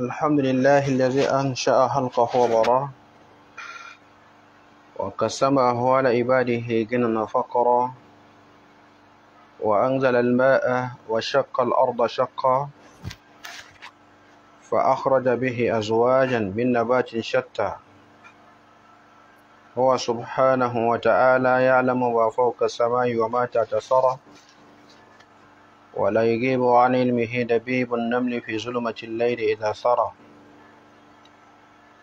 الحمد لله الذي أنشأ خلقه وبراه وقسمه على عباده جنا فقرا وأنزل الماء وشق الأرض شقا فأخرج به أزواجا من نبات شتى هو سبحانه وتعالى يعلم ما فوق السماء وما تحت الثرى ولا يجيب عن علمه دبيب النمل في ظلمة الليل إذا سرى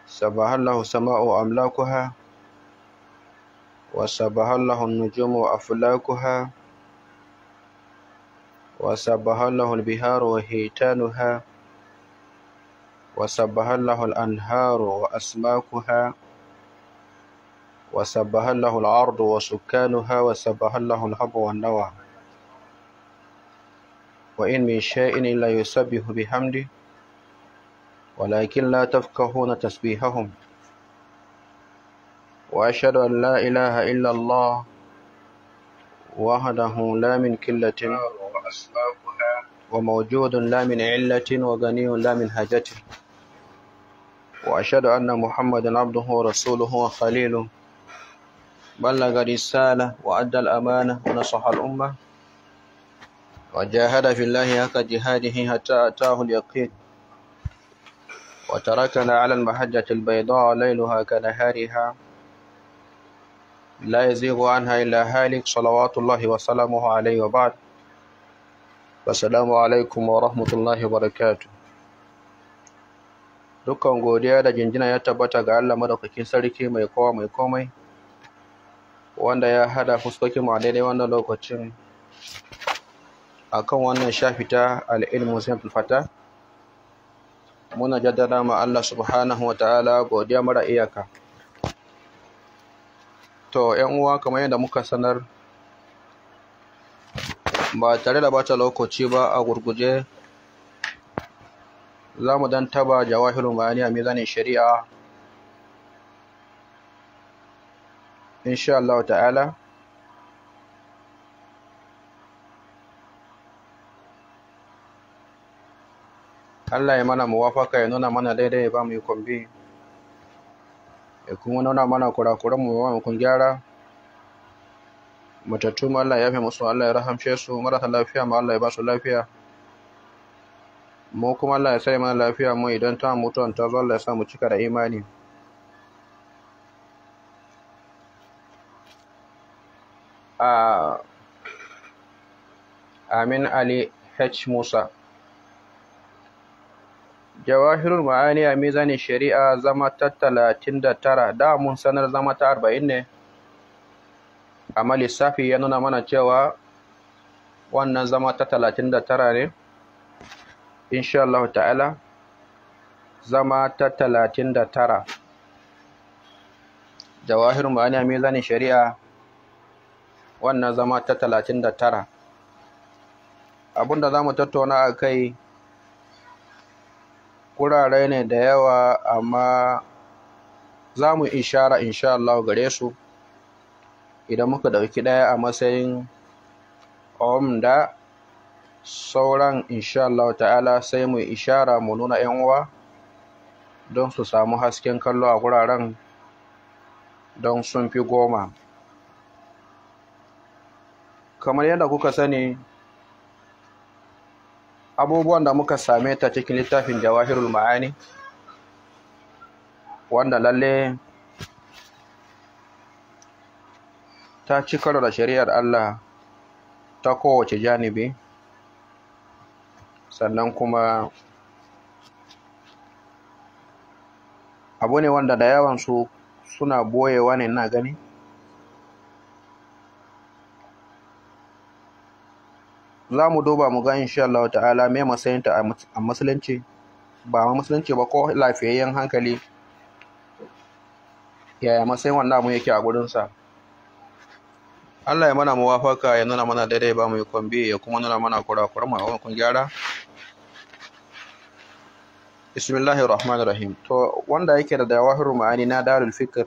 سبح له السماء أملاكها وسبح له النجوم وأفلاكها وسبح له البهار وهيتانها وسبح له الأنهار وأسماكها وسبح له الأرض وسكانها وسبح له الهب والنوى وإن من شيء إلا يسبح بحمده ولكن لا تفقهون تسبيحهم وأشهد أن لا إله إلا الله وحده لا من كلة وموجود لا من علة وغني لا من حاجة وأشهد أن محمدا عبده ورسوله وخليله بلغ رسالة وأدى الأمانة ونصح الأمة وجاهد في الله حق جهاده حتى أتاه اليقين وتركنا على المحجة البيضاء ليلها كنهارها لا يزيغ عنها إلا هالك صلوات الله وسلامه عليه وبعد Assalamu alaikum wa rahmatullahi wa Dukkan godiya da jinjina ya tabbata ga Allah madaukakin sarki mai kowa mai komai, wanda ya hada fuskokin mu a daidai wannan lokacin akan wannan shafi ta al'ilmu simple fata muna jaddada ma Allah subhanahu wa ta'ala godiya mara iyaka to yan uwa kamar yadda muka sanar ba tare da bata lokaci ba a gurguje za mu dan taba jawahirun bayani a mizanin shari'a insha Allah ta'ala Allah ya mana muwafaka ya nuna mana daidai ya ba mu ikon bi ya kuma nuna mana kurakuran mu ba mu kun gyara matattu ma Allah ya fi musu Allah ya rahamce su marasa lafiya ma Allah ya ba su lafiya mu kuma Allah ya sai mana lafiya mu idan ta mutuwan ta zo Allah ya sa mu cika da imani a ah, Amin Ali H. Musa Jawahirul Ma'ani a mizanin shari'a zama ta talatin da tara, da mun sanar zama ta arba'in ne, amma lissafi ya nuna mana cewa wannan zama ta talatin da tara ne, insha Allah ta'ala, zama ta talatin da tara. Jawahirul Ma'ani a mizanin shari'a wannan zama ta talatin da tara. Abinda za mu tattauna a kai wurare ne da yawa amma za mu ishara insha Allah gare su idan muka ɗauki ɗaya a matsayin om da sauran insha ta'ala sai mu ishara mu nuna 'yan uwa don su samu hasken kallo a wuraren don sun fi goma kamar yadda kuka sani abubuwan da muka same ta cikin littafin jawahirul ma'ani wanda lalle ta ci karo da shari'ar Allah ta kowace janibi sannan kuma abu ne wanda da yawansu suna boyewa ne na gani za mu duba mu ga insha Allah ta'ala me matsayinta a musulunci ba ma musulunci ba ko lafiyayyen hankali yaya matsayin wannan mu yake a sa Allah ya mana muwafaka ya nuna mana daidai ba mu yi kombi ya kuma nuna mana kurakuran mu a kun gyara bismillahir rahmanir rahim to wanda yake da dawahiru ma'ani na darul fikr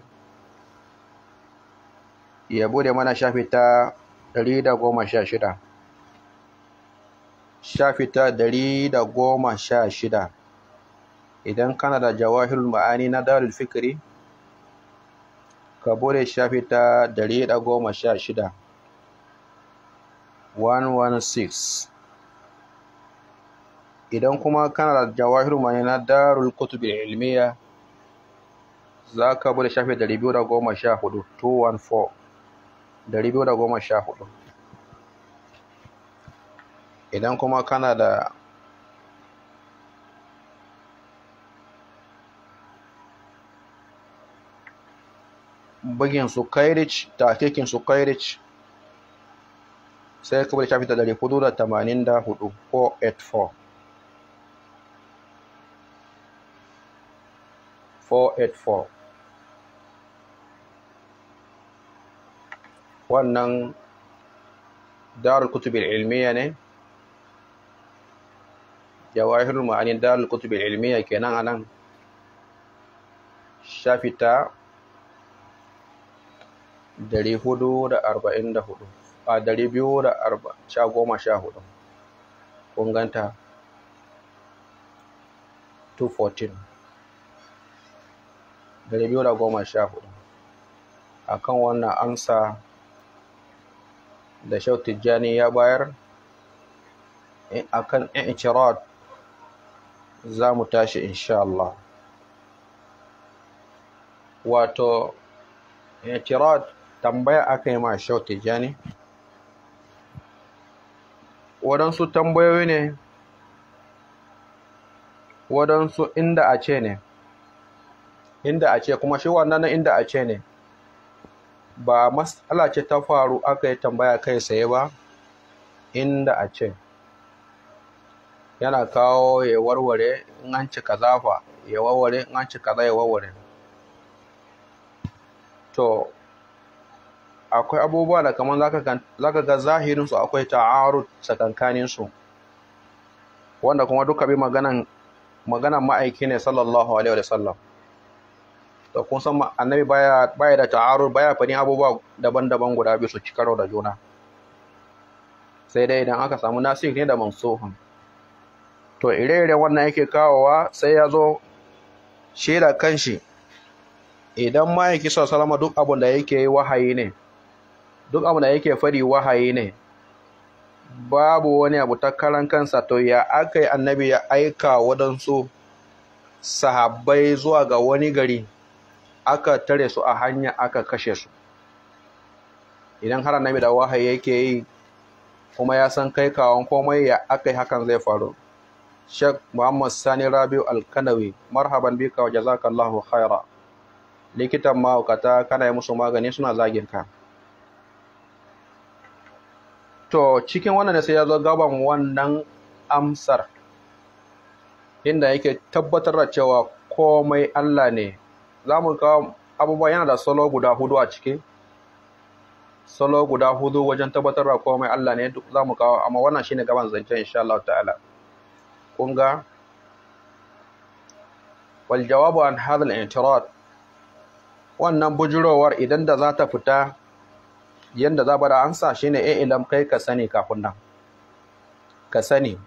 ya bude mana shafi ta 116 shafi ta ɗari da goma sha shida idan kana da jawahirul ma'ani na darul fikiri ka bude shafi ta ɗari da goma sha shida 116 idan kuma kana da jawahirul ma'ani na darul kutubi ilmiya za ka bude shafi ɗari biyu da goma sha hudu 214 ɗari biyu da goma sha hudu idan kuma kana da bugin su kairich kekin su kairich sai kuma shafi ta dari kudu da tamanin da hudu 484 484 wannan darul kutubin ilmiya ne jawahir ma'anin dalil kutub ilmiya kenan anan shafi ta 444 a 214 kun ganta 214 a kan wannan amsa da shautijjani ya bayar eh, akan i'tirad za mu tashi insha Allah wato i'tirad tambaya aka yi ma shau tijani waɗansu tambayoyi ne waɗansu inda a ce ne inda a ce kuma shi wannan inda a ce ne ba matsala ce ta faru aka yi tambaya kai saye ba inda a ce yana kawo ya warware in an ci kaza fa ya warware in an ci kaza ya warware to akwai abubuwa da kamar za ka ga zahirinsu akwai ta'arud su wanda kuma duka bi maganan maganan ma'aiki ne sallallahu alaihi wa sallam to kun san annabi baya baya da ta'arud baya fani abubuwa daban-daban guda biyu su ci karo da juna sai dai idan aka samu nasir ne da mansuhun to ire ire wannan yake kawowa sai ya zo shi da kanshi idan ma'aiki salama duk abin da yake yi wahayi ne duk abin da yake fari wahayi ne babu wani abu ta karan kansa to ya aka yi annabi ya aika waɗansu sahabbai zuwa ga wani gari aka tare su a hanya aka kashe su idan har annabi da wahayi yake yi kuma ya san kai kawon komai ya aka yi hakan zai faru Sheikh Muhammad Sani Rabiu Alkanawi marhaban bika wa jazakallahu khaira likitan mahaukata kana yi musu magani suna zagin ka to cikin wannan sai ya zo gaban wannan amsar inda yake tabbatar da cewa komai Allah ne za mu kawo abubuwa yana da salo guda hudu a ciki salo guda hudu wajen tabbatar da komai Allah ne za mu kawo amma wannan shine gaban zancen insha Allah ta'ala kunga wal jawabu an hadha intirad wannan bujurowar idan da za ta fita yanda za bada ansa shine eh ilam kai ka sani kafin nan ka sani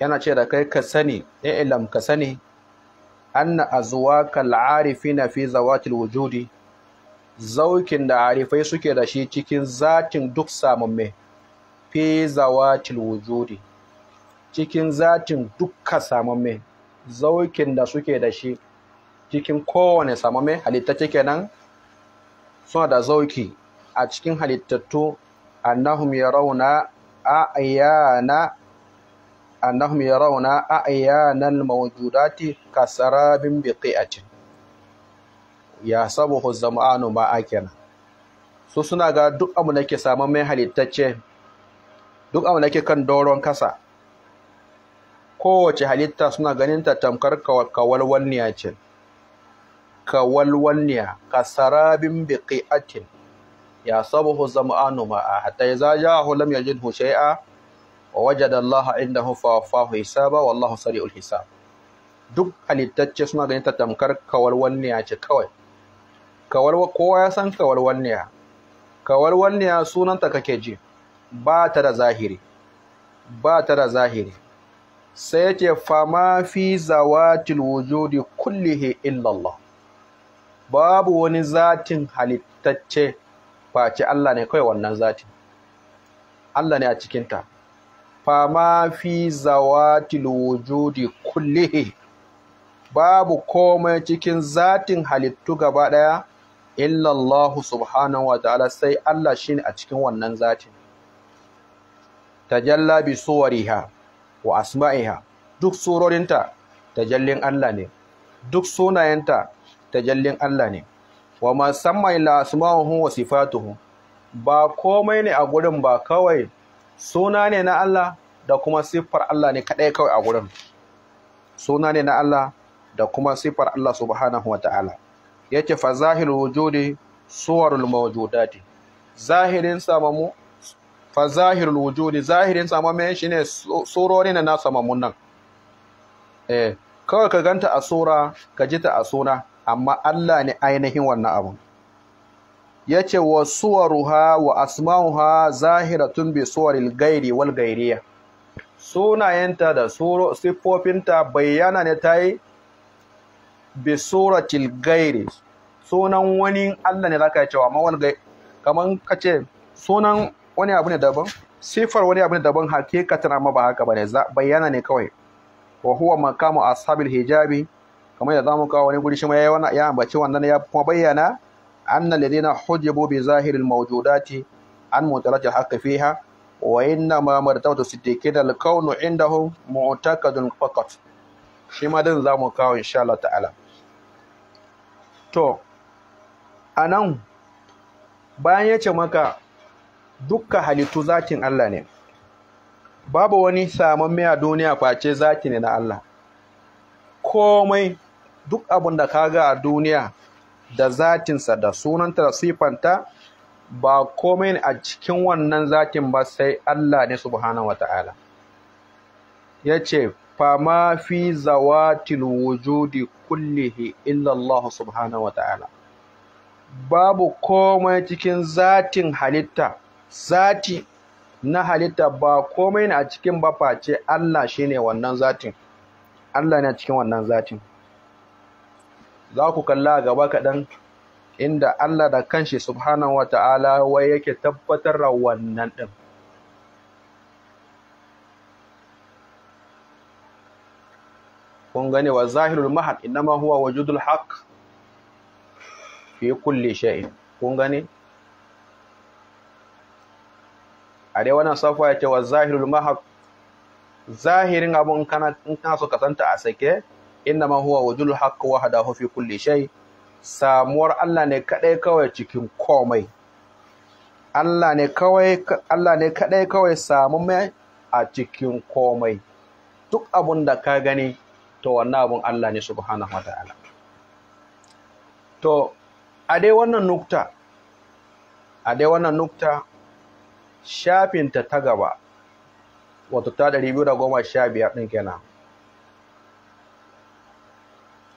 yana ce da kai ka sani eh ilam ka sani anna azwaka al-arifina fi zawatil wujudi zaukin da arifai suke da shi cikin zatin duk samun mai. fi zawatil wujudi cikin zatin dukkan samame zaukin da suke da shi cikin kowane samamme halittacce kenan suna da zauki a cikin halittattu annahum a ayyana annahum a ayyanal mawujudati kasarabin biqi'atin ya sabu zamanu ma'a kenan su suna ga duk abu da ke samame halittacce duk abu da ke kan doron kasa kowace halitta suna ganin ta tamkar kawalwanniya ce kawalwanniya kasarabin biqi'atin ya sabuhu zama'anu ma'a hatta idza ja'ahu lam yajidhu shay'a wa wajada Allah indahu fa wafahu hisaba wallahu sari'ul hisab duk halittacce suna ganin ta tamkar kawalwanniya ce kawai kawalwa kowa ya san kawalwanniya kawalwanniya sunanta kake ji ba ta da zahiri ba ta da zahiri sai yake fama fi zawatil wujudi kullihi illallah babu wani zatin halittacce face Allah ne kawai wannan zatin Allah ne a cikinta fama fi zawatil wujudi kullihi babu komai cikin zatin halittu gaba ɗaya illallahu subhanahu wa ta'ala sai Allah shine a cikin wannan zatin tajalla bi suwariha wa asma'iha duk surorinta tajallin Allah ne duk sunayenta tajallin Allah ne wa ma samma ila asma'uhu wa sifatuhu ba komai ne a gurin ba kawai suna ne na Allah da kuma siffar Allah ne kadai kawai a gurin suna ne na Allah da kuma siffar Allah subhanahu wa ta'ala yake fa zahirul wujudi suwarul mawjudati zahirin samamu fa zahirul wujudi zahirin shi ne, surori na nasa mamunan eh kawai ka ganta a tsora ka ji ta a suna amma Allah ne ainihin wannan abun yace wa suwaruha wa asma'uha zahiratun bi suwaril gairi wal gairiya sunayenta da siffofinta bayyana ne ta yi bi suratil gairi sunan wani Allah ne zaka yi cewa mawal gairi kamar ka ce sunan wani abu ne daban sifar wani abu ne daban hakikatan amma ba haka bane bayana ne kawai wa huwa maqamu ashabil hijabi kamar da zamu kawo wani guri shi ma yayi ya ambaci wannan ya kuma bayyana anna alladhina hujibu bi zahiril mawjudati an mutalati haqqi fiha wa inna ma martabatu siddiqina al-kawnu indahum mu'taqadun faqat shi ma din zamu kawo insha Allah ta'ala to anan bayan ya ce maka dukkan halittu zakin Allah ne babu wani mai a duniya face zaki ne na Allah komai duk abin da ka ga a duniya da zatinsa da sunanta da ba komai a cikin wannan zakin ba sai Allah ne subhanahu ta’ala. ya ce fama fi zawatin wujudi kullihi illallah Allah wa ta'ala. babu komai cikin zatin halitta zati na halitta ba komai na cikin ba face Allah shine wannan zatin Allah ne cikin wannan zatin za ku kalla gaba kaɗan inda Allah da kanshi subhanahu wa ta'ala wai yake tabbatar da wannan ɗin kun gane wa zahirul mahad inma huwa wujudul haq fi kulli shay'in kun gane a dai wannan safa ya ce wa zahirul mahaq zahirin in kana in kana so ka santa a sake inna ma huwa wajul haqq wahdahu fi kulli shay samuwar Allah ne kadai kawai cikin komai Allah ne kawai Allah ne kadai kawai samu mai a cikin komai duk abun da ka gani to wannan abun Allah ne subhanahu wataala to a dai wannan nukta a dai wannan nukta shafinta ta gaba wato ta ɗari biyu da goma sha biyar ɗin kenan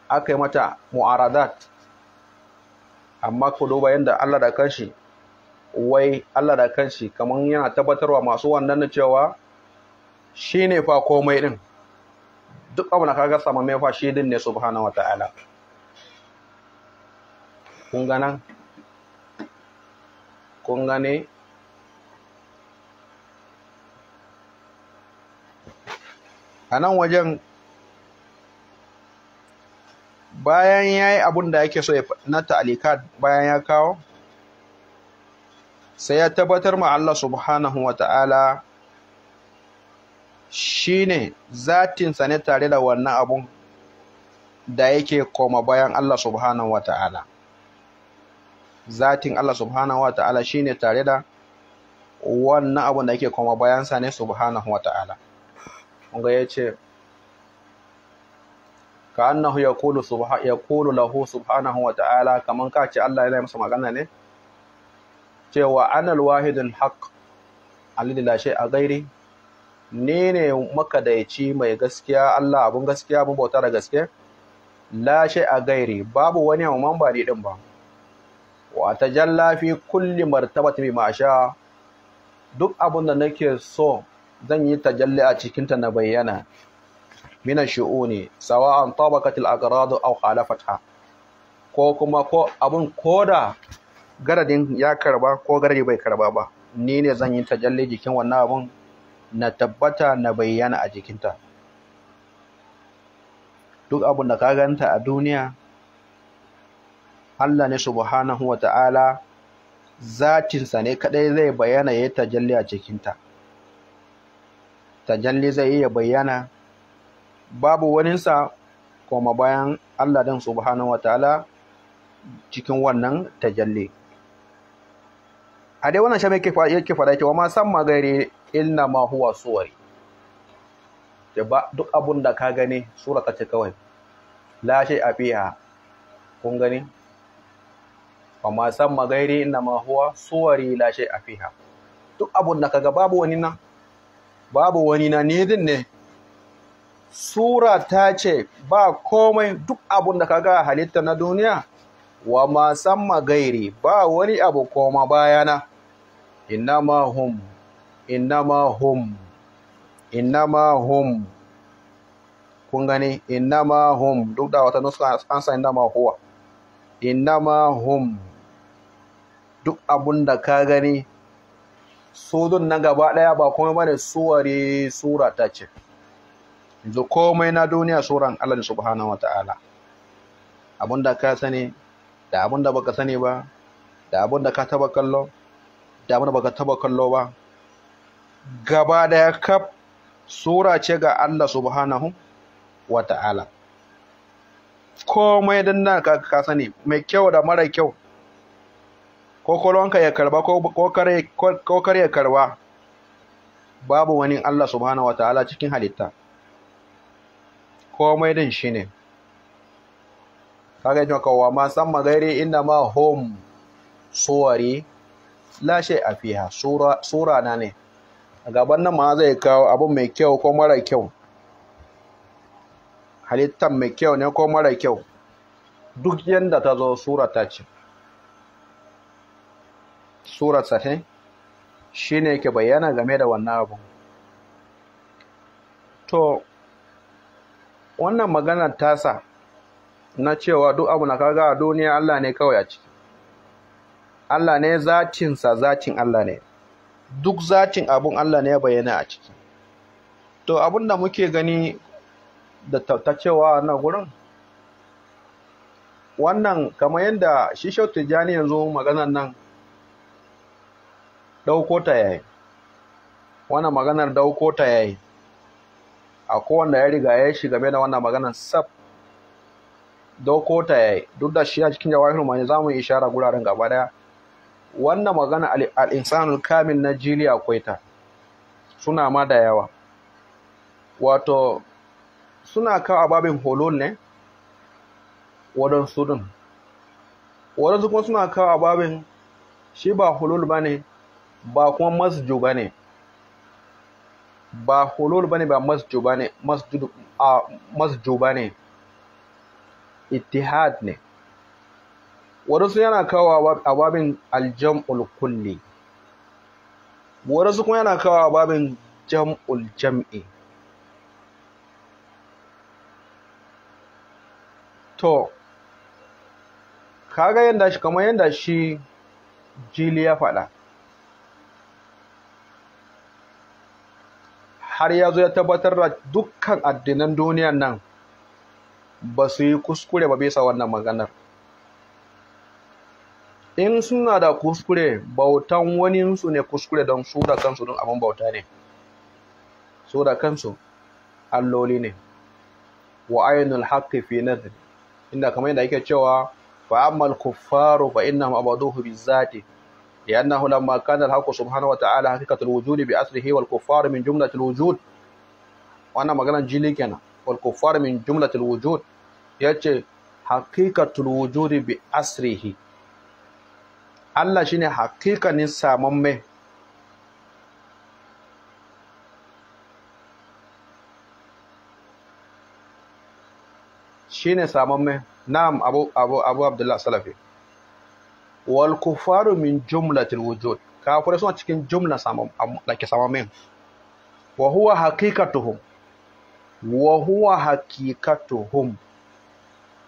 aka yi mata mu'aradat amma ku duba yadda Allah da kanshi wai Allah da kanshi kamar yana tabbatarwa masu wannan cewa shi ne fa komai ɗin duk abu na kaga sama mai fa shi din ne subhanahu wa ta'ala kun ga nan kun gane a nan wajen bayan ya yi abin da ake so na ta'alikat bayan ya kawo sai ya tabbatar ma Allah subhanahu wa ta'ala shi ne zatinsa ne tare da wannan abun da yake koma bayan Allah subhanahu wa ta'ala zatin Allah subhanahu wa ta'ala shi ne tare da wannan abun da yake koma bayansa ne subhanahu wa ta'ala kunga ya ce ka annahu ya kulu lahu subhanahu wa ta'ala kaman ka ce Allah yana masa magana ne cewa ana wahidul haq alladhi la shay'a ghairi ne ne makadaici mai gaskiya Allah abun gaskiya abun bauta da gaske la shay'a ghairi babu wani amman ba ni din ba wa tajalla fi kulli martabati bi ma duk abun da nake so zan yi tajalli a cikinta na bayyana mina shu'uni sawa'an tabaqatil aqrad aw khalafatha ko kuma ko abun koda garadin ya karba ko garadi bai karba ba ni ne zan yi tajalli jikin wannan abun na tabbata na bayyana a jikinta duk abun da ka ganta a duniya Allah ne subhanahu wa ta'ala zatinsa ne kadai zai bayyana ya yi tajalli a cikinta tajalli zai iya bayyana babu waninsa koma bayan Allah din subhanahu wataala cikin wannan tajalli a dai wannan shamin yake faɗa cewa ma san magari inna ma huwa suwari da ba duk abun da ka gani sura ta ce kawai lashe a fiya kun gani ba ma san magari inna ma huwa suwari lashe a fiya. duk abun da kaga babu wani nan babu wani na ni din ne sura ta ce ba komai duk abun da kaga halitta na duniya wa ma san magairi ba wani abu koma bayana innama hum innama hum innama hum kun gani innama hum duk da wata nuska an san innama huwa innama hum duk abun da ka gani sudun na gaba ɗaya ba kuma bane suware sura ta ce yanzu komai na duniya suran Allah subhanahu wataala da ka sani da da baka sani ba da da ka taba kallo da da baka taba kallo ba gaba ɗaya kaf sura ce ga Allah subhanahu wataala komai dan nan ka sani mai kyau da mara kyau ko kolonka ya karba ko kar ya karba babu wani Allah subhanahu wa ta'ala cikin halitta komai din shi ne kaga jin kawo ma san magari inda ma home suwari lashe a fiya, sura na ne a gaban nan ma zai kawo abu mai kyau ko mara kyau halittar mai kyau ne ko mara kyau duk yadda ta zo sura ta ce sura 13 shine yake bayyana game da wannan abu to wannan maganar tasa na cewa duk abu na kaga a duniya Allah ne kawai a ciki Allah ne zatinsa zatin Allah ne duk zatin abun Allah ne ya bayyana a ciki to abun da muke gani da ta cewa na gurin wannan kamar yadda shi jani yanzu maganar nan ɗauko ta yayi wannan maganar ɗauko ta yayi a kowanne ya riga ya shi game da wannan maganar sab ɗauko ta yayi duk da shi a cikin jawahirul mani za mu ishara guraren gaba daya wannan magana al-insanul kamil na jili akwai ta suna ma da yawa wato suna kawo ababin holon ne waɗansu din waɗansu kuma suna kawo ababin shi ba hulul ba ne ba kuma masjidu ba ne ba hulul ba ne ba masjidu ba ne masjo ba ne ittihad ne wadansu yana kawo a babin aljam'ul kulli wadansu kuma yana kawo a babin jam'ul jam'i to kaga yadda shi kamar yadda shi jili ya faɗa har ya zo ya tabbatar da dukkan addinan duniyan nan ba su yi kuskure ba bisa wannan maganar in suna da kuskure bautan waninsu ne kuskure don su da kansu don abin bauta ne su da kansu alloli ne wa ainul haqqi fi nadri inda kamar yadda yake cewa fa ammal kuffaru fa innahum abaduhu bizati لأنه لما كان الحق سبحانه وتعالى حقيقة الوجود بأصله والكفار من جملة الوجود وأنا مجانا جيلي كنا والكفار من جملة الوجود يأتي حقيقة الوجود بأصله Allah shine hakikanin samamme shine samamme na'am abu abu abu abdullah salafi wal kufaru min jumlatil wujud kafure suna cikin jumla da ke samamin wa huwa haqiqatuhum wa huwa haqiqatuhum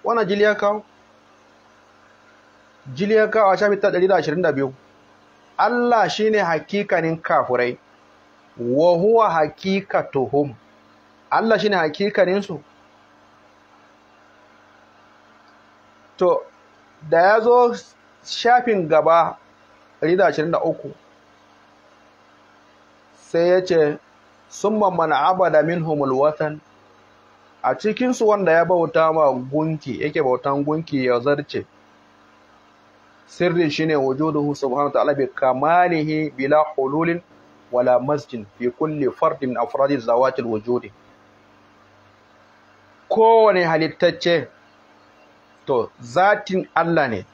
wannan jiliya kawo jiliya kawo a shafi ta 122 Allah shine hakikanin kafurai. wa huwa haqiqatuhum Allah shine hakikanin su to da ya zo shafin gaba 23 sai ya ce sun mana abada min watan a cikinsu wanda ya bauta ma gunki yake bautan gunki ya zarce sirrin shine wujuduhu subhanahu wa ta'ala bi kamalihi bila hululin wala masjid fi kulli fardin afradi zawatil wujudi kowane halittacce to zatin Allah ne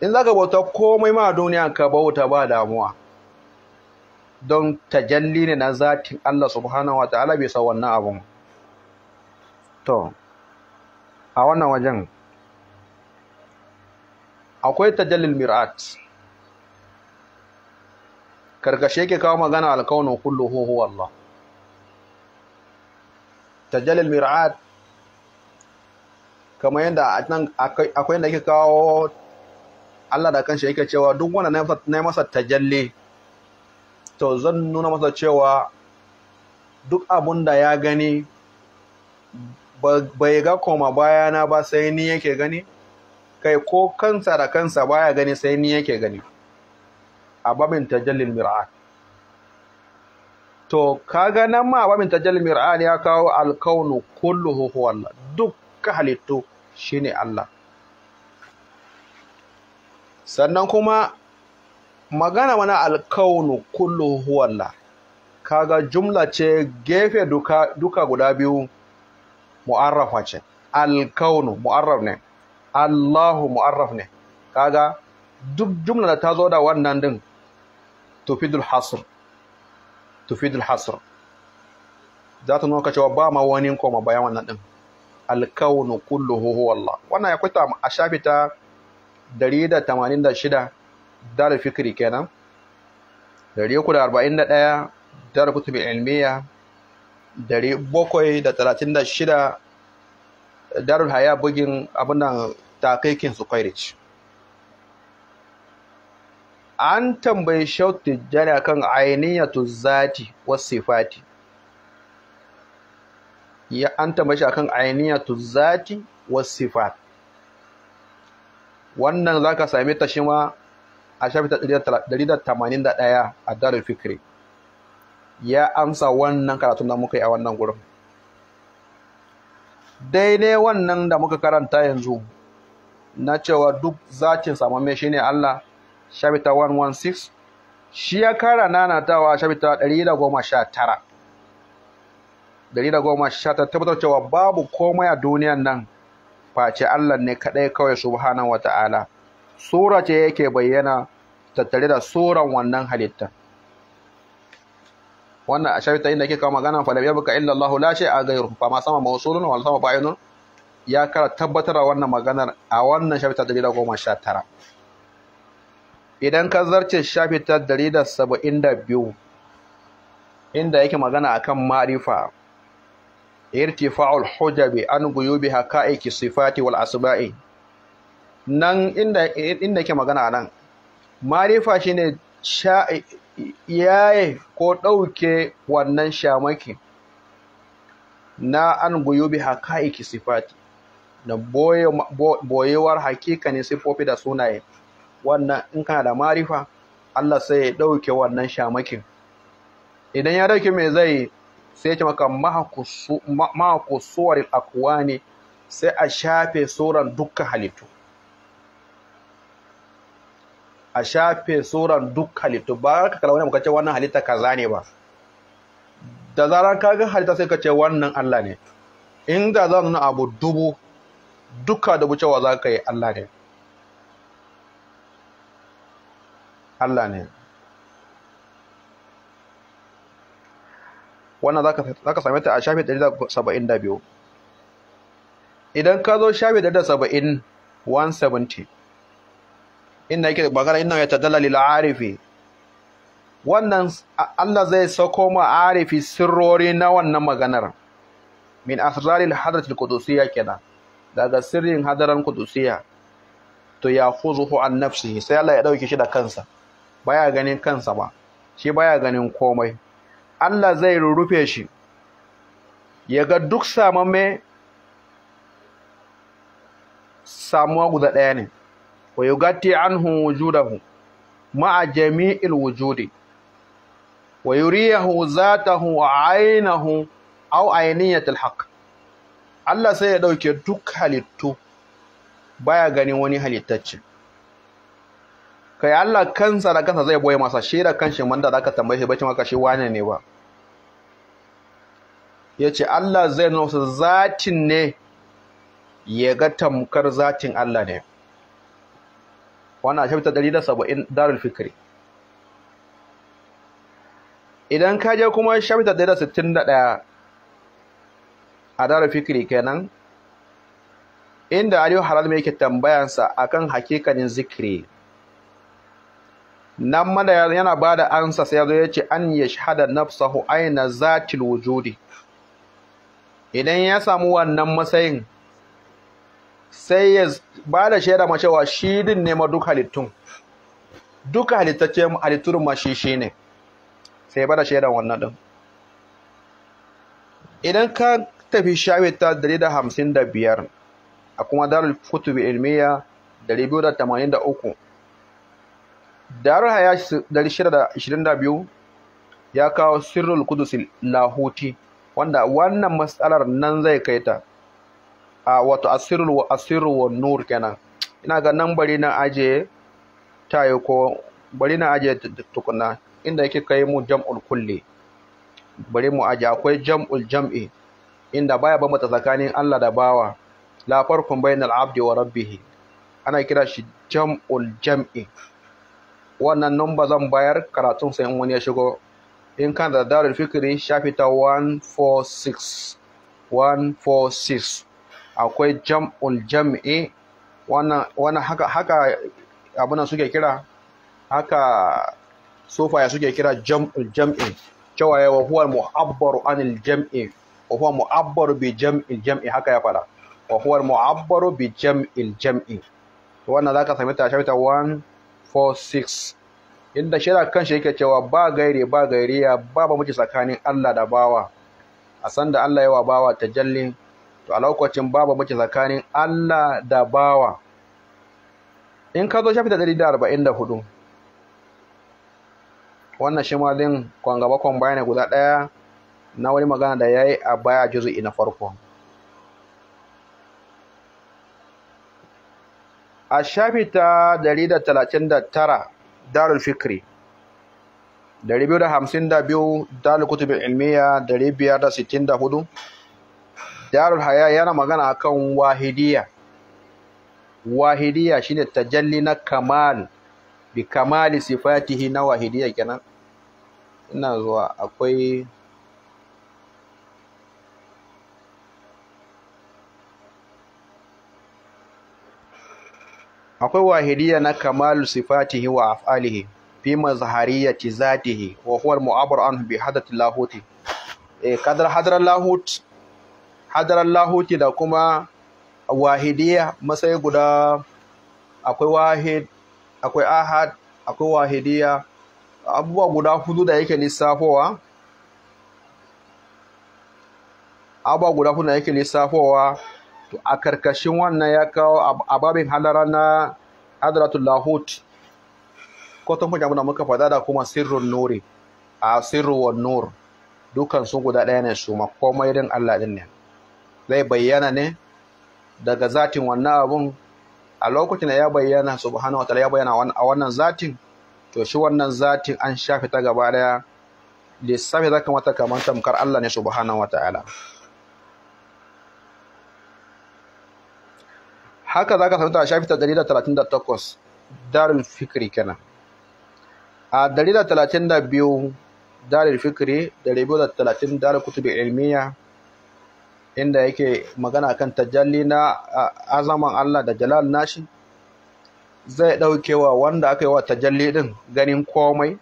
in za ka bauta komai ma duniya ka bauta ba damuwa don tajalli ne na zatin Allah subhanahu wa ta'ala bai san wannan abun to a wannan wajen akwai tajallil mir'at karkashe ke kawo magana alkaunin kullu huwa Allah tajallil mir'at kamar yadda akwai yadda ke kawo Allah da kanshi yake cewa duk wanda na masa tajalli to zan nuna masa cewa duk abun da ya gani bai ga koma bayana ba sai ni yake gani kai ko kansa da kansa baya gani sai ni yake gani a babin tajallil mir'at to kaga nan ma babin tajallil mir'at ya kawo alkaunu kulluhu huwa Allah duk halittu shine Allah sannan kuma magana mana alkaunu kullu huwalla, kaga jumla ce gefe duka, duka guda biyu mu'arrafa ce alkaunu mu'arraf ne allahu mu'arraf ne kaga duk jumla da ta zo da wannan din tufidul hasr tufidul hasr za ta nuna cewa ba ma wani koma bayan wannan din alkaunu kullu wannan ya kwata a shafi ta 186 dar fikiri kenan 341 dar kutubin ilmiya 736 dar haya bugin abinan takaikin su kwairici an tambayi shautu jana kan ainihiyatu zati wasu sifati an tambayi shi akan ainihiyatu zati wasu sifati wannan za ka sami ta shi ma a shafi 181 a darar fikri ya amsa wannan karatun da muka yi a wannan gurin daidai wannan da muka karanta yanzu na cewa duk samu mai shi ne Allah shafi 116 shi ya kara nanatawa shafi 119 119 tabbatar cewa babu komai a duniyan nan face Allah ne kaɗai kawai subhanahu wa ta'ala sura ce yake bayyana tattare da suran wannan halitta wannan a shafi ta ke kika magana fa lam buka illa Allah la shay'a ghayruhu fa ma sama mawsulun wa sama fa'ilun ya kara tabbatar wannan maganar a wannan shafi ta tara. idan ka zarce shafi ta biyu inda yake magana akan marifa irtifa'ul hujabi an guyubi haqa'iqi sifati wal asma'i nan inda inda ke magana nan marifa shine yaye ko ɗauke wannan shamaki na an guyubi haqa'iqi sifati da boyewar hakika ne sifofi da sunaye wannan in kana da marifa Allah sai ya ɗauke wannan shamakin idan ya dauke me zai sai ya ce maka mahako suwarin akuwa ne sai a shafe tsoron dukkan halittu a shafe tsoron duk halittu ba ka kalawar wani mukace wannan halitta kaza ne ba da zaran ka ga halitta sai ka ce wannan Allah ne Inda da za nuna abu dubu duka da cewa za ka yi Allah ne Allah ne wannan za ka same ta a shafi 172 idan ka zo shafi 170 170 inda yake bakar inna ya tattala lila arifi wannan Allah zai sako ma arifi sirrori na wannan maganar min asraril hadratil qudusiyya kenan daga sirrin hadaran kudusiya to ya khuzuhu an nafsihi sai Allah ya dauke shi da kansa baya ganin kansa ba shi baya ganin komai Allah zai rurrufe shi ya ga duk mai samuwa guda ɗaya ne wa yugatti anhu wujudahu ma'a jami'il wujudi wa yuriyahu zatahu ainahu au ainiyatul haqq Allah sai ya ɗauke duk halittu baya ganin wani halittacce kai Allah kansa da kansa zai boye masa shi da kanshi wanda ka tambaye shi bacin maka shi wane ne ba ya ce Allah zai nusa zatin ne ya ga tamkar zatin Allah ne Wani wannan da saba'in darul fikri idan ka je kuma da ɗaya, a darul fikri kenan inda Aliyu halal mai yake tambayansa akan hakikanin zikiri nan mada yana ba da ansa sai ya zo ya ce an yashhada nafsahu aina zatil wujudi idan ya samu wannan matsayin sai ya ba da shaida ma cewa shi din ne ma duk halittun Duk halittacce halittun ma shi shi ne sai ba da shaida wannan din idan ka tafi shawita 155 a kuma darul kutubi ilmiya 283 darul haya 622 ya kawo sirrul kudusin lahuti wanda wannan matsalar nan zai kai ta a wato Asiru wa nur kenan ina ga nan bari na aje tayi ko bari na aje tukuna inda yake kai mu jam'ul kulli bari mu aje akwai jam'ul jam'i inda baya mata tsakanin Allah da bawa la farqun bainal abdi wa rabbih ana kira shi jam'ul jam'i wannan numba zan bayar karatun sai in wani ya shigo in kan da darar fikiri shafi ta 146 146 akwai jam'ul jam'i wannan haka haka abunan suke kira haka ya suke kira jam'ul jam'i cewa yawa huwa mu'abbaru anil jam'i wa huwa mu'abbaru bi jam'il jam'i haka ya fara. wa huwa mu'abbaru bi jam'il jam'i wannan zaka sami ta shafi ta 146 inda shari'a kanshi yake cewa ba gaire ba gairiya ba ba muke tsakanin Allah da bawa a san da Allah yawa bawa tajalli to a lokacin ba ba muke tsakanin Allah da bawa in ka zo shafi da 144 wannan shi ma din kwan gaba kwan bayani guda ɗaya na wani magana da ya yi a baya juzu'i na farko a shafi ta 139 darul fikri 252 darul kutubin ilmiya dari da da sittin 564 darul haya yana magana akan wahidiya wahidiya shine tajalli na kamal bi kamali sifatihi na wahidiya kenan ina zuwa akwai akwai wahidiyya na kamalu sifatihi wa af'alihi fi mazhariyati zatihi wa huwa al-mu'abbar anhu bi hadat lahuti eh kadar hadar lahut hadar lahuti da kuma wahidiyya matsayi guda akwai wahid akwai ahad akwai wahidiyya abubuwa guda hudu da yake lissafowa abubuwa guda hudu da yake lissafowa to a karkashin wannan ya kawo a babin halara na adratul lahut ko tun kunya muka fada da kuma sirrun nuri a sirru wa nur dukan sun guda ɗaya ne su ma komai din Allah din ne zai bayyana ne daga zatin wannan abun a lokacin da ya bayyana subhanahu wa ta'ala ya bayyana a wannan zatin to shi wannan zatin an shafe ta gaba daya lissafi zaka mata kamar tamkar Allah ne subhanahu wa ta'ala haka za ka sanuta ta a shafi ta takwas, darin fikiri kenan a 132 darin fikiri da da talatin, darin kutubin ilmiya inda yake magana kan tajalli na azaman Allah da jalal nashi zai daukewa wanda aka yi wa tajalli din ganin komai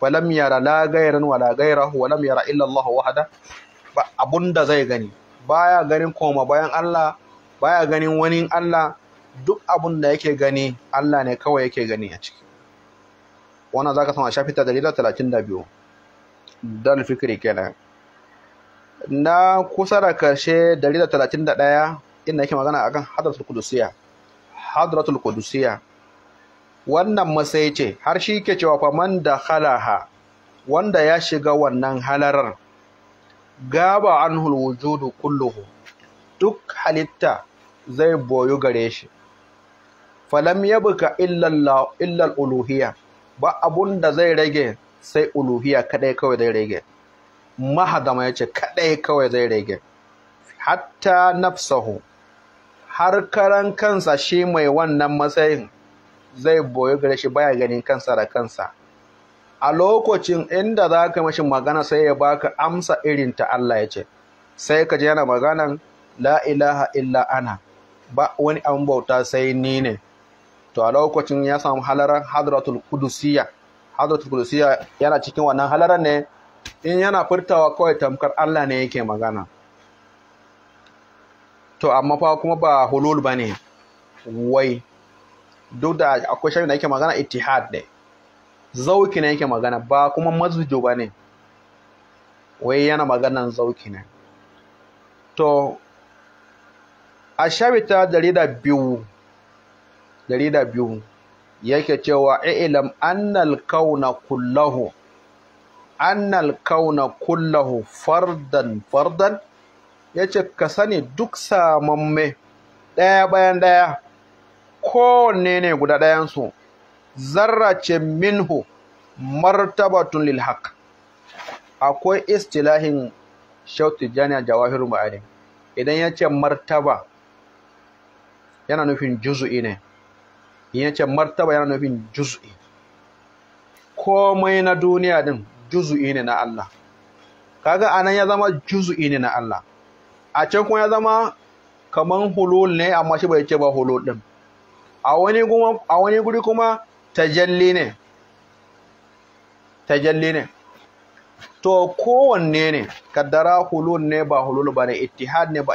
falam yara la gairan wala gaira walam yara illa Allah wahada ba abunda zai gani baya ganin koma bayan Allah baya ganin wani Allah duk abun da yake gani Allah ne kawai yake gani a ciki wannan zaka samu a shafi ta dalila 32 dal fikri kenan na kusa da karshe dalila 31 inda yake magana akan hadratul qudusiyya hadratul qudusiyya wannan masai ce har shi ke cewa fa man da wanda ya shiga wannan halarar gaba anhul wujudu kulluhu duk halitta zai boyu gare shi falam ya buka illal uluhiyya ba abun da zai rage sai uluhiyya kadai kawai zai rage mahadama ya ce kadai kawai zai rage hatta nafsahu har karan kansa shi mai wannan matsayin zai boyi gare shi baya ganin kansa da kansa a lokacin inda za ka mashi magana sai ya baka amsa irin ta Allah ya ce sai ka ji yana maganan la ilaha illa ana ba wani an bauta sai ni ne to a lokacin ya samu halaran hadratul kudusiya hadratul kudusiya yana cikin wannan halaran ne in yana furtawa kawai tamkar Allah ne yake magana to amma fa kuma ba hulul ba ne wai duk da akwai shari'a yake magana ittihad ne zauki ne yake magana ba kuma mazujo ba ne wai yana maganan zauki ne to a shabita jarida biyu jarida biyu yake cewa ilam annal kauna kullahu annal kauna kullahu fardan fardan Ya ce, ka sani duk samamme ɗaya bayan ɗaya kowanne ne guda ɗayansu zarra ce minhu martabatun lil haq akwai istilahin shautijaniya jana jawahirul idan idan ce martaba yana nufin juzu'i ne in ce martaba yana nufin juzu'i komai na duniya din juzu'i ne na Allah kaga anan ya zama juzu'i ne na Allah a can kuma ya zama kaman hulul ne amma shi bai ce ba hulul din a wani kuma a wani guri kuma tajalli ne tajalli ne to kowanne ne kaddara hulul ne ba hulul ba ne ittihad ne ba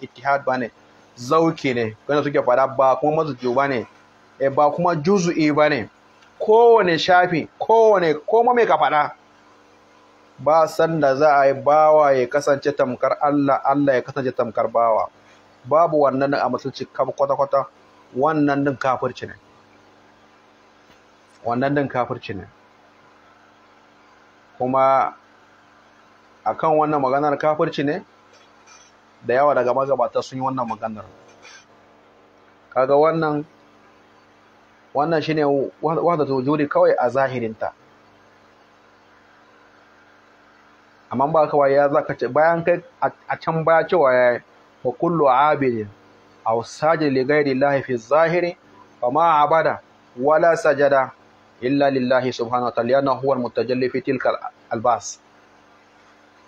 ittihad ba ne zauki ne wanda suke fada ba kuma mazuju ba ne eh, ba kuma juzu'i ba ne kowane shafi kowane koma mai ka fada ba sanda za a yi bawa ya kasance tamkar Allah Allah ya kasance tamkar bawa babu wannan a musulci kwata-kwata wannan din kafirci ne wannan din kafirci ne kuma akan wannan maganar kafirci ne da yawa daga magabata sun yi wannan maganar kaga wannan wannan shine wata wujudi kawai a zahirinta amma ba kawai ya zaka ce bayan kai a can baya cewa ya yi wa kullu abidin aw a li ghairi fi zahiri ba ma abada wala sajada illa lillahi subhanahu wa ta'ala yana huwar al-mutajalli fi albas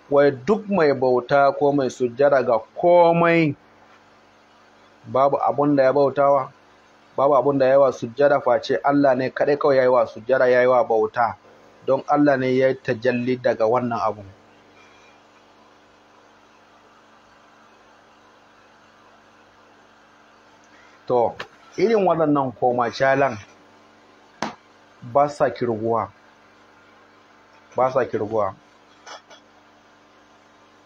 wai duk mai bauta ko mai sujjada ga komai babu abun da ya bautawa babu abun da ya wa sujjada face Allah ne kaɗai kawai ya yi wa sujjada ya yi wa bauta don Allah ne ya yi tajalli daga wannan abu to irin waɗannan koma chalan ba sa kirguwa ba sa kirguwa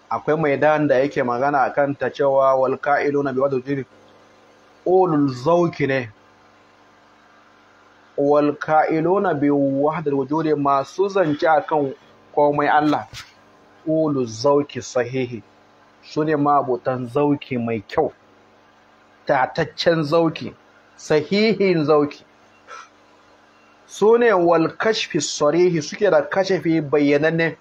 akwai mai dan da yake magana a kanta cewa wal ka'iluna bi wadu jiri ulul zauki ne wal ka'iluna bi wahdar wujudi masu zance akan komai Allah ulul zauki sahihi sune ma abutan zauki mai kyau tataccen zauki sahihin zauki Sune wal kashfi sarihi suke da kashafi bayyananne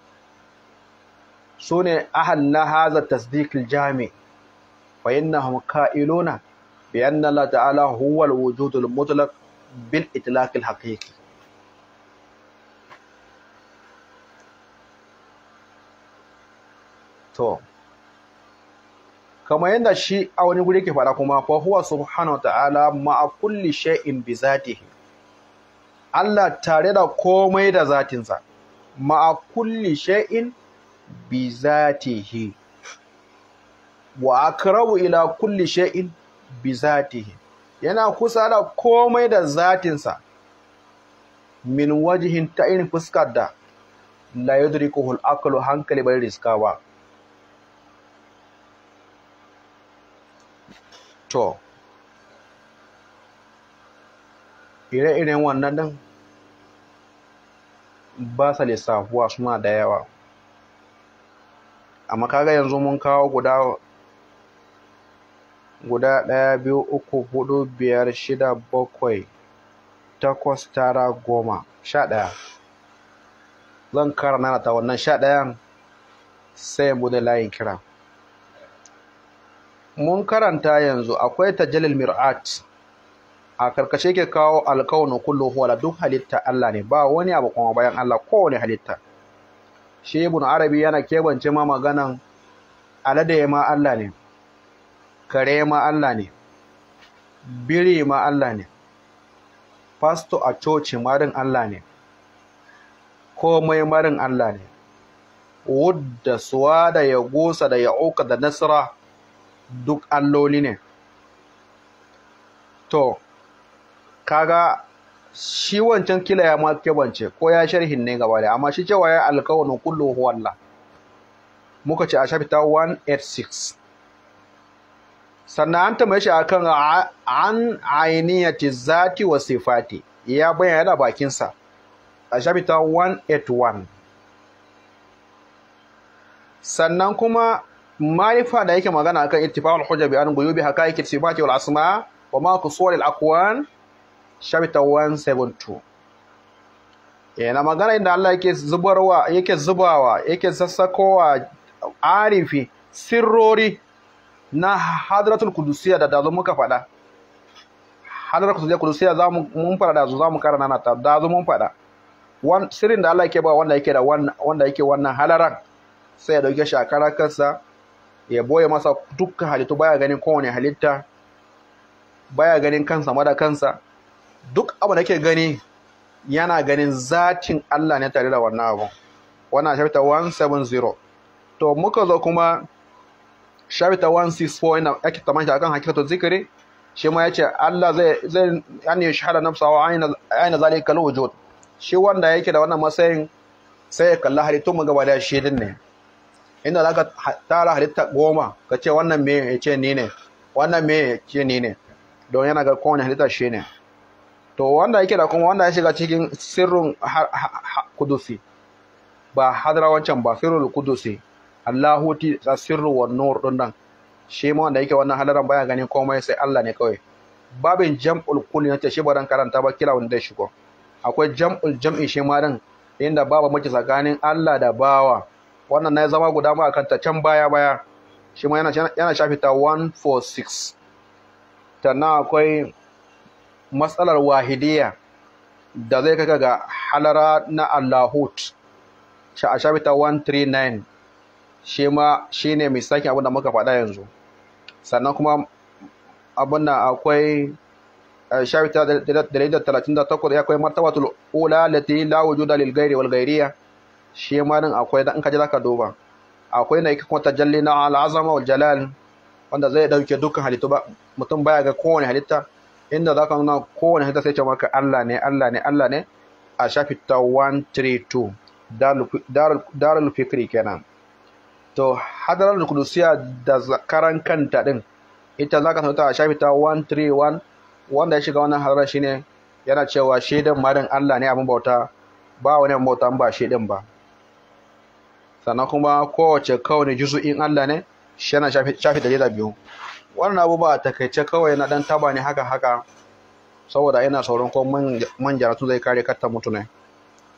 sune ahal na haza tasdiqil jami fa innahum qailuna bi anna Allah ta'ala huwa al-wujud al-mutlaq bil itlaq al-haqiqi to kamar yadda shi a wani guri ke fara kuma fa huwa subhanahu wa ta'ala ma'a kulli shay'in bi zatihi Allah tare da komai da zatinsa ma'a kulli shay'in bizatihi wa akrabu ila kulli shay'in bizatihi yana kusa da komai da zatinsa min wajihin ta in fuskar da la yudrikuhu al hankali bai riska ba to ire-iren wannan dan ba sa lissafuwa suna da yawa amma kaga yanzu mun kawo guda guda ɗaya biyu uku hudu biyar shida bakwai takwas tara goma sha ɗaya zan kara ta wannan sha ɗayan sai mu da layin kira mun karanta yanzu akwai tajalil mir'at a karkashe ke kawo alkaunin kullum wala duk halitta Allah ne ba wani abu kuma bayan Allah kowane halitta shi ibn arabi yana kebance ma maganan alade ma Allah ne kare ma Allah ne biri ma Allah ne fasto a coci marin Allah ne komai marin Allah ne wadda suwa da ya gosa da ya uka da nasara duk alloli ne to kaga shi wancan kila ya ma kebance ko ya sharhin ne gaba da amma shi cewa ya alkawano kullu huwa Allah muka ce a shafita 186 sannan an tambaye shi akan an ainiyati zati wa sifati ya bayyana da bakinsa a shafita 181 sannan kuma marifa da yake magana akan ittifaqul hujja bi an guyubi haqa'iqi sifati wal asma wa ma qusuril aqwan chapter 172 yana eh, magana inda Allah yake zubarwa yake zubawa yake sassakowa arifi sirrori na hadratul kudusiya da dazu muka fada hadratul kudusiya za mu mun fara dazu za mu karana na ta dazu mun fada wan sirrin da Allah yake ba wanda yake da wanda yake wannan halaran sai ya dauke shi a kansa ya boye masa dukkan halittu baya ganin kowane halitta baya ganin kansa mada kansa duk abu da ke gani yana ganin zatin Allah ne tare da wannan abu wannan shafita 170 to muka zo kuma shafita 164 ina ake tamanci akan hakikatu zikiri shi ma yace Allah zai zai yani shahada nafsa wa aina aina zalika alwujud shi wanda yake da wannan matsayin sai ya kalla halittu mu gaba da shi din ne inda zaka tara halitta goma ka ce wannan me yace ni ne wannan me yace ni ne don yana ga kowane halitta shi ne to wanda yake da kuma wanda ya shiga cikin sirrin kudusi ba hadara wancan ba sirrul kudusi Allahu ti sirru wa nur din nan shi ma wanda yake wannan hadaran baya ganin komai sai Allah ne kawai babin jam'ul ya ce shi baran karanta ba kira wanda ya shigo akwai jam'ul jam'i shi ma din inda baba muke tsakanin Allah da bawa wannan na zama guda ma akan ta can baya baya shi ma yana yana shafi ta 146 tana akwai matsalar wahidiyya da zai kaka ga halara na allahut sha a shafita 139 shi ma shi ne mai sakin abinda muka faɗa yanzu sannan kuma abinda akwai eh, shafita 138 ya akwai martabatul ula lati la wujuda lil ghairi wal ghairiya shi ma din akwai da in ka ji zaka duba akwai na kuma tajalli na al'azama wal jalal wanda zai dauke dukkan halittu ba mutum baya ga kowane halitta inda za ka nuna kowane hadda sai ce maka Allah ne Allah ne Allah ne a shafi ta 132 darul fikri kenan to hadarar kudusiya da karan kanta din ita za ka sauta a shafi ta 131 wanda ya shiga wannan hadarar shine yana cewa shaidan madan Allah ne abin bauta ba wani bauta ba shaidan ba sannan kuma kowace kawai juzu'in Allah ne shi yana shafi da biyu wannan abubuwa a takaice kawai na dan taba ne haka haka saboda ina sauran ko man jaratu zai kare katta mutu ne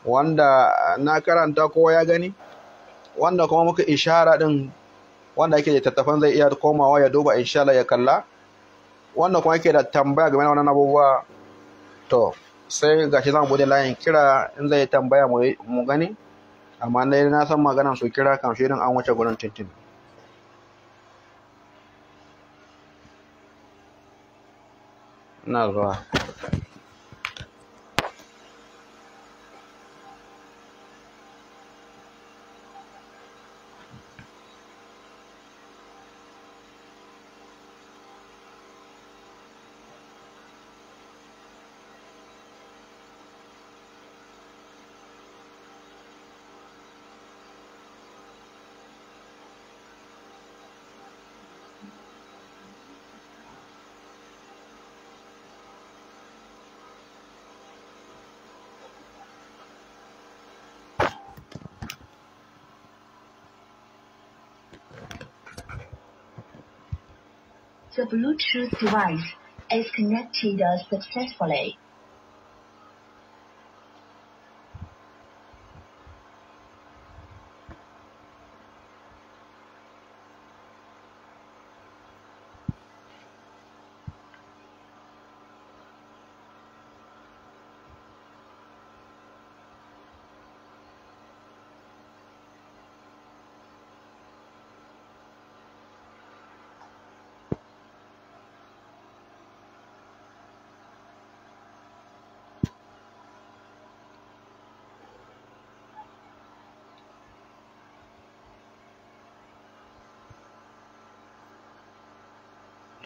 wanda na karanta kowa ya gani wanda kuma muka ishara din wanda yake da tattafan zai iya komawa ya duba insha ya kalla wanda kuma yake da tambaya game da wannan abubuwa to sai gashi zan bude layin kira in zai tambaya mu gani amma na san maganan su kira kan shirin an wuce gurin tintin 那个。The Bluetooth device is connected successfully.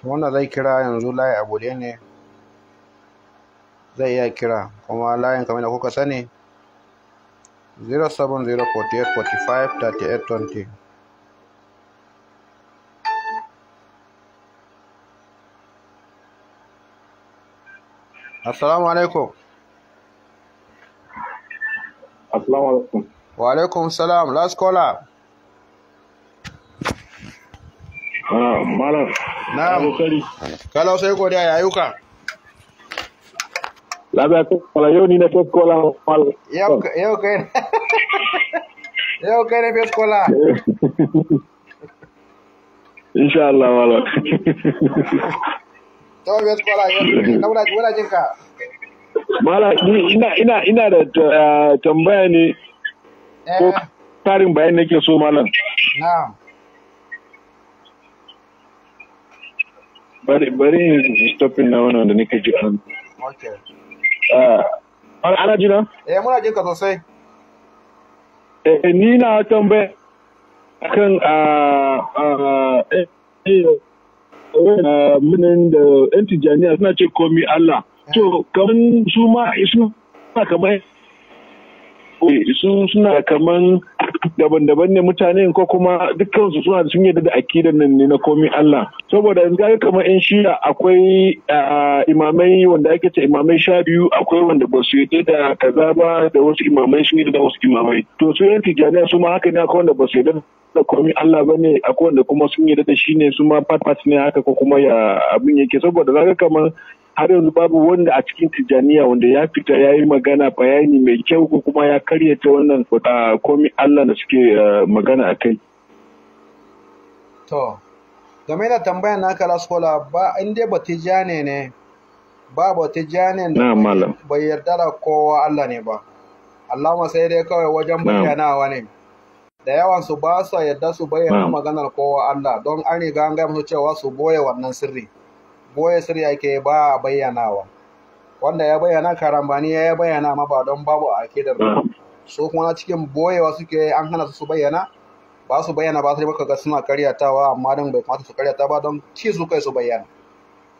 to wanda zai kira yanzu layi a buɗe ne zai iya kira kuma layin kamar da kuka sani 07048453820 assalamu alaikum assalamu alaikum wa alaikum salam last caller uh, malam Na'am. Kalau sai ko da yayuka. Labia kola yau ni na fes kola mal. Yau yau kai. Yau kai na fes kola. Insha Allah wala. To fes kola yau. Na wala wala jinka. Mala ina ina ina da tambaya eh, ne. Eh. Ko karin bayani nake so malam. Na'am. bari bari stopin na wannan da nake ji an ah, ana jina? eh muna jin ka sosai eh ni na tambaya kan a ah, ah, eh, eh, eh munin da yan tijjaniya suna ce komi Allah to eh. kaman su ma isu suna kaman su suna kaman daban-daban ne mutane ko kuma dukkan su suna sun yadda da akidan nan ne na komi Allah saboda in ga kamar in shi'a akwai imamai wanda ake ce imamai sha biyu akwai wanda ba su yadda da kaza ba da wasu imamai sun yadda da wasu imamai to su yan tijaniya su ma haka ne akwai wanda ba su yadda da komi Allah ba ne? akwai wanda kuma sun yadda da shi ne su ma part ne haka ko kuma ya abin yake saboda zaka kamar har yanzu babu wanda a cikin tijjaniya wanda ya fita ya yi magana bayani mai kyau ko kuma ya karyata wannan komi Allah da suke magana a kai. To, game da tambayar naka laskola ba in dai ba tijani ne ba ba tijani da bai yarda da kowa Allah ne ba. Allah sai dai kawai wajen bayyanawa ne. Da yawan su ba su yarda su bayyana maganar kowa Allah don an riga an gaya cewa su boye wannan sirri. boye sirri ake ba a bayyanawa wanda ya bayyana karambani ya bayyana ma ba don babu a akidar ba so kuma na cikin boyewa suke an hana su bayyana ba su bayyana ba sai baka ga suna karyatawa amma don bai kamata su karyata ba don ci su kai su bayyana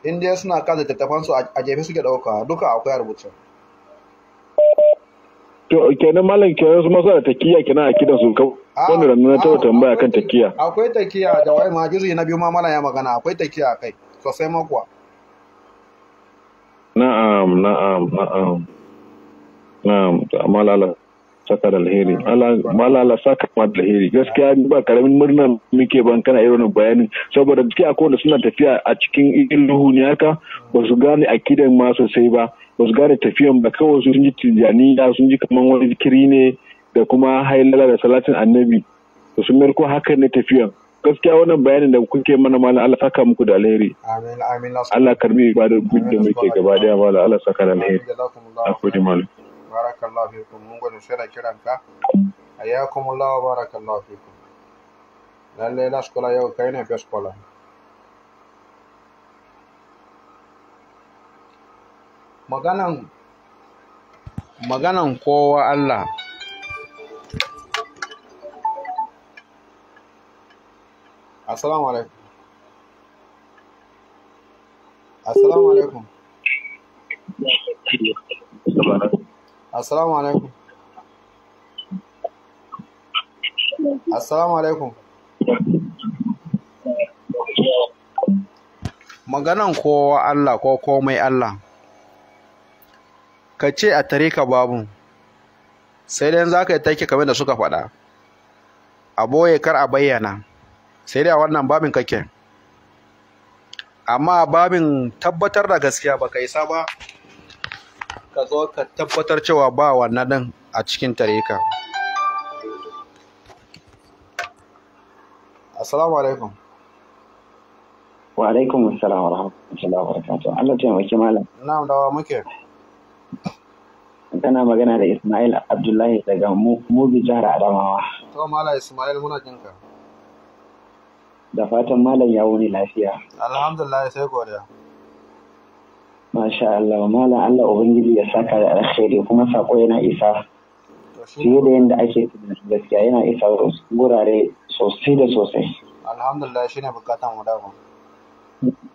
in dai suna kaza tattafan su a jefe suke dauka duka akwai rubutu to kenan malam kenan su masu da takiya kenan a kidan su kau ah, wani ranar ta ah, tambaya kan takiya akwai takiya da wai ma juzu na biyu ma malam ya magana akwai takiya kai sosai kuwa Na'am, na'am, na'am. Na'am, malala saka da alheri. Malala saka da alheri. Gaskiya ni ba karamin murna muke ban kana irin bayanin saboda gaskiya ko da suna tafiya a cikin irin ruhu ne haka ba su gane akidan ma sosai ba. Ba su gane tafiyan ba kawai sun ji da sun ji kamar wani zikiri ne da kuma hailala da salatin annabi. Ba su ko haka ne tafiyan. gaskiya wannan bayanin da kuke mana mana Allah saka muku da alheri Allah karbi ibadar ku da muke gaba daya malam Allah saka da alheri akwai mal barakallahu fikum mun gode sai da kiran ka ayakumullahu barakallahu fikum lalle na skola yau kai ne fa skola maganan maganan kowa Allah assalamu alaikum assalamu alaikum assalamu alaikum assalamu alaikum maganan kowa Allah ko komai Allah ka ce a tare ka babu sai dai za ka yi take kamar da suka faɗa a boye kar a bayyana sai dai a wannan babin kake amma babin tabbatar da gaskiya ka isa ba ka zo ka tabbatar cewa ba wannan din a cikin tareka assalamu alaikum wa alaikum assalam wa rahmatullahi wa barakatuh Allah ta yi malam na'am dawa muke kana magana da Ismail Abdullahi daga Mubi jihar Adamawa to mala Ismail muna jinka da fatan malam ya wuni lafiya alhamdulillah sai godiya Masha Allah, Malam Allah Ubangiji ya saka da alkhairi kuma sako yana isa fiye da yadda ake tunani gaskiya yana isa gurare sosai da sosai. Alhamdulillah shine bukatan mu dama.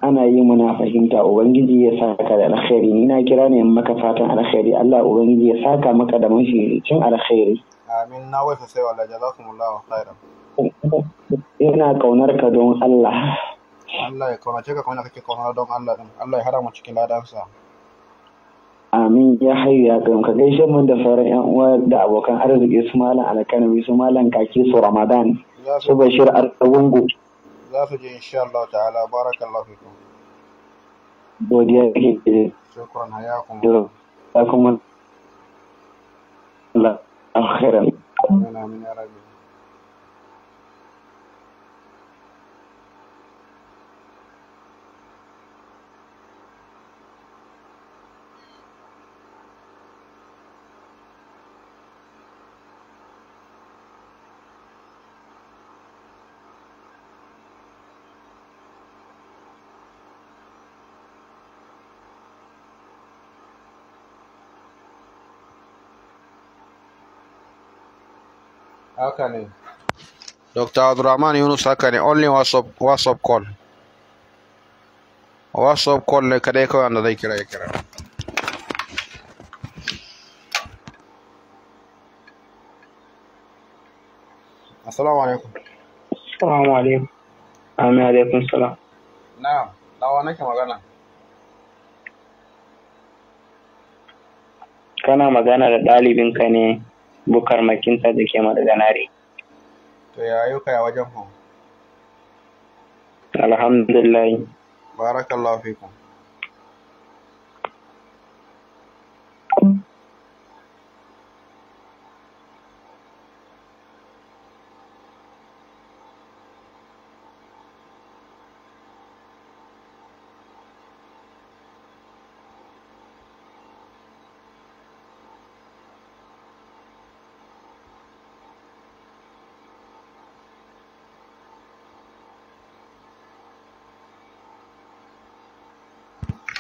Ana yi muna fahimta Ubangiji ya saka da alkhairi ni na kira ne maka fatan alkhairi Allah Ubangiji ya saka maka da mafi cin alkhairi. Amin na wasu sai wala jazakumullahu khairan. ina kaunar ka don Allah Allah ya kaunace ka kamar kake kaunar don Allah din Allah ya haɗa mu cikin ladansa amin ya hayu ya kayyum ka gaishe mun da sauran ƴan uwa da abokan arziki su malam alkanami su malam kaki su ramadan su bashir arzawungu za su je insha Allah ta'ala barakallahu fikum godiya ke ke. shukran hayakum da kuma Allah Akhiran. amin amin ya rabbi haka ne dr abdurrahman yunus haka ne only whatsapp whatsapp call whatsapp call ne kadai kawai wanda zai kira ya kira assalamu alaikum assalamu alaikum ami alaikum salam na dawa nake magana kana magana da ɗalibinka ne bukar makinta da ke ganare. To ya yi kai wajen ku? Alhamdulillah. Barakallahu fikum.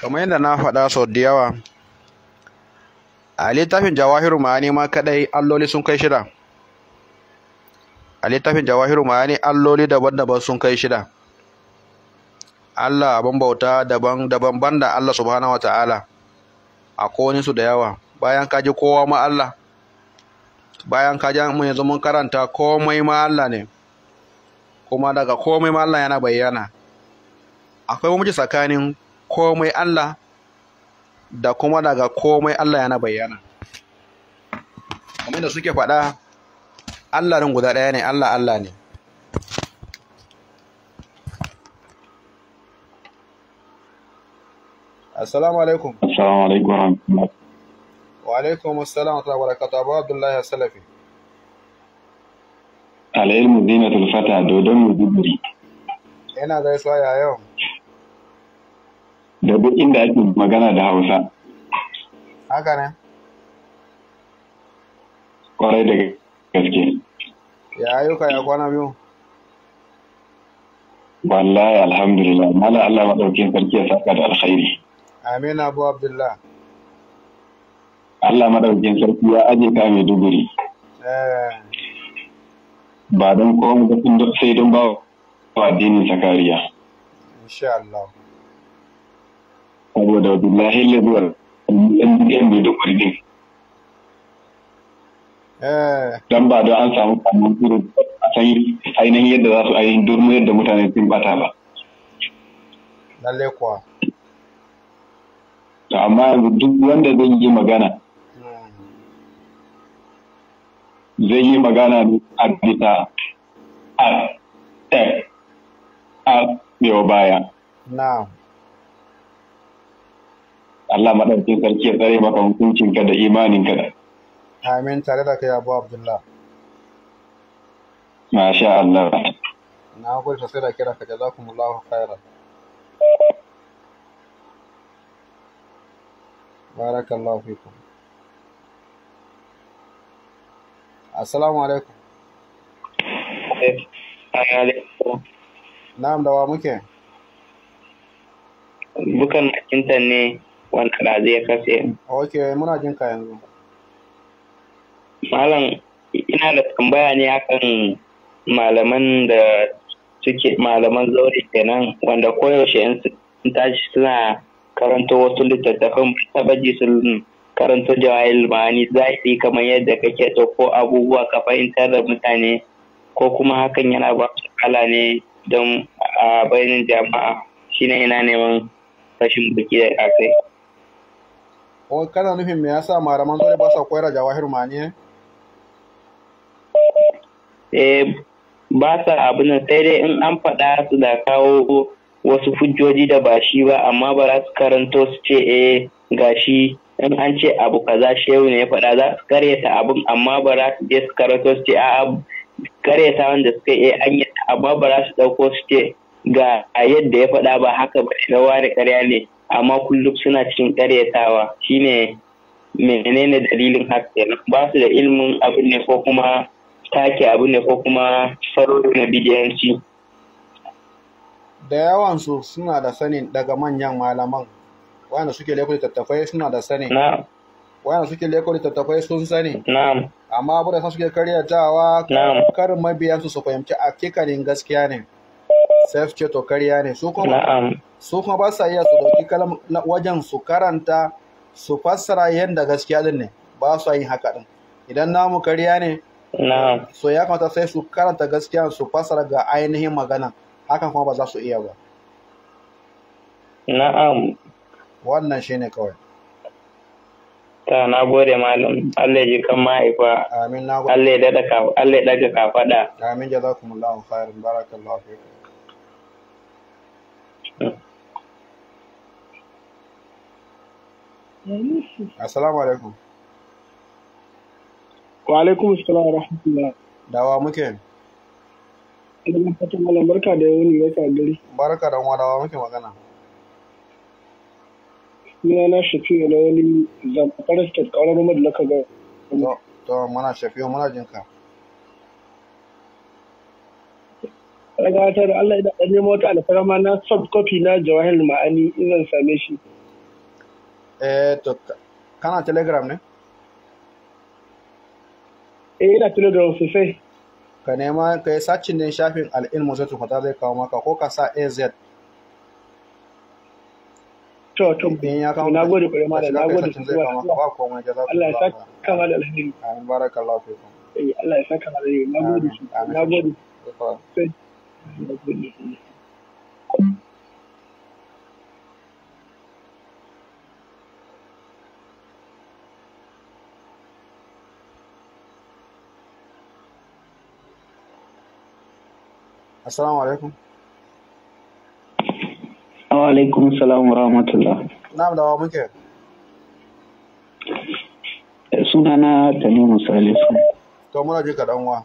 kamar yadda na faɗa sau da yawa a littafin jawahiru ma'ani ma kadai alloli sun kai shida a littafin jawahiru ma'ani alloli daban-daban sun kai shida Allah abin bauta daban-daban banda Allah subhanahu wa ta'ala a kowani su da yawa bayan kaji kowa ma Allah bayan kaji mu yanzu mun karanta komai ma Allah ne kuma daga komai ma Allah yana bayyana akwai mu tsakanin komai Allah da kuma daga komai Allah yana bayyana kamar da suke faɗa Allah din guda ɗaya ne Allah Allah ne Assalamu alaikum. Assalamu alaikum wa Wa alaikum assalam wa barakatuh. Abu Abdullahi Salafi. Alayil Mudinatul Fata Dodon Muduburi. Ina gaisuwa ya yau. da duk inda ake magana da hausa haka ne kwarai da gaske ya ayyuka ya kwana biyu wallahi alhamdulillah mala Allah maɗaukin sarki ya saka da alkhairi amin abu abdullah Allah maɗaukin sarki ya aje ka mai duburi. Eh. ba don kowane sai don ba wa addinin zakariya. insha Allah saboda billahi lazi wal ɗan bai da kurdi eh. dan ba da an samu kamar irin a san ainihin yadda za su ainihin durmu yadda mutane sun bata ba lalekwa to amma yanzu duk wanda zai yi magana zai yi magana ne a bisa a eh, a yawa baya na'am Allah maɗaukin sarki ya tsare maka hukuncinka da imaninka. Amin tare da kai Abu Abdullah. Masha Allah. Na gode sosai da kira ka jazakumullahu khairan. Barakallahu fikum. Assalamu alaikum. Na'am da wa muke? Bukan kinta ne wanda ɗazu ya kase. Ok, muna jin ka yanzu. Malam, ina da tambaya ne akan malaman da suke malaman zaure kenan wanda koyaushe in sun tashi suna karanta wasu littattafan tabaji sun karanta jawahil ma'ani zaɓi kamar yadda kake ko abubuwa ka fahimtar da mutane ko kuma hakan yana ba su kala ne don a bayanin jama'a shine ina neman rashin biki da kai. o kana nufin me yasa malaman dole ba sa koyar da jawahir mani eh ba sa abin sai dai in an faɗa su da kawo wasu hujjoji da ba shi ba amma ba za su karanto su ce eh gashi in an ce abu kaza shehu ne ya faɗa za su karyata abin amma ba za su je su karanto su ce a'a karyata wanda suka yi eh, an yi amma ba za su ɗauko su ce ga yadda ya faɗa ba haka ba na ware karya ne amma kullum suna cikin karyatawa shine menene dalilin haka ba su da ilimin abin ne ko kuma take abin ne ko kuma salo na bidiyanci da yawansu suna da sanin daga manyan malaman wanda suke leko littattafai suna da sanin wanda suke leko littattafai sun sani amma abu da suke karyatawa karin mabiyansu su fahimci a kikanin gaskiya ne sai su ce to karya ne su kuma su kuma ba sa iya su dauki kalam wajen su karanta su fassara yadda gaskiya din ne ba su yin haka din idan namu karya ne so ya kamata sai su karanta gaskiya su fassara ga ainihin magana hakan kuma ba za su iya ba na'am wannan shine kawai ta na gode malam Allah ya ji kan ma'aifa amin na gode Allah ya ka faɗa amin jazakumullahu khairan barakallahu fikum Assalamu alaikum. Wa alaikum assalam wa rahmatullah. Dawa muke. Idan fatan Allah barka da wani barka gari. Barka da wadawa muke magana. Ina na shafi da wani zamfara ta kawar Roma da laka ga. To muna shafi muna jin ka. Daga ta da Allah idan ɗan nemo wata alfarma na soft copy na jawahir ma'ani in zan same shi. eh to kana telegram ne eh na telegram sosai ka nema ka yi sacin din shafin al'ilmu zai tukwata zai kawo maka ko ka sa az to na gode kwarai malam na gode zai Allah ya saka kama da alheri amin barakallahu eh Allah ya saka da alheri na gode na gode sai Assalamu alaikum. Wa alaikum salam wa rahmatullah. Na'am da wa muke. Eh, sunana Tanimu Salisu. To muna je ka dan wa.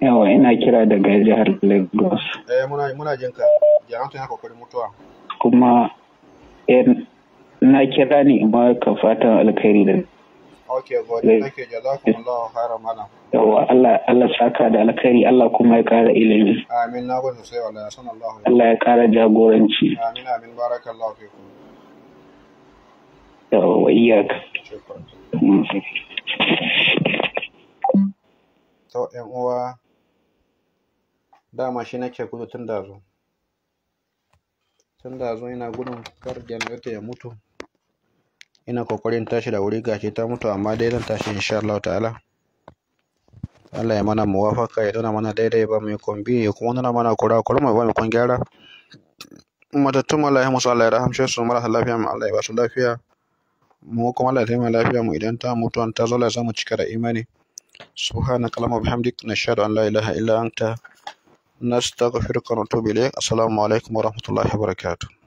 Yawa ina kira daga jihar Lagos. Eh muna muna jin ka. Ya an kokarin mutuwa. Kuma eh, na kira ne ba ka fatan alkhairi da ok Allah yawa Allah Allah saka da alkhairi Allah kuma ya kara ilimi amin na gode sai wallahi san Allah Allah ya kara jagoranci amin amin barakallahu fikum yawa iyaka mm. to ƴan uwa dama shi nake gudu tun da zo tun da zo ina gudun kar jannata ya mutu ina kokarin tashi da wuri gashi ta mutu amma dai zan tashi insha Allah ta'ala Allah ya mana muwafaka ya nuna mana daidai ba mai kombi ya kuma nuna mana kurakuru mai ba mai kun gyara matattun Allah ya musu Allah ya rahamshe su marasa lafiya mu Allah ya ba su lafiya mu kuma Allah ya taimaka lafiya mu idan ta mutu an ta zo la zamu cika da imani subhanaka allahumma bihamdik nashhadu an la ilaha illa anta nastaghfiruka wa natubu ilayk assalamu alaikum wa rahmatullahi wa barakatuh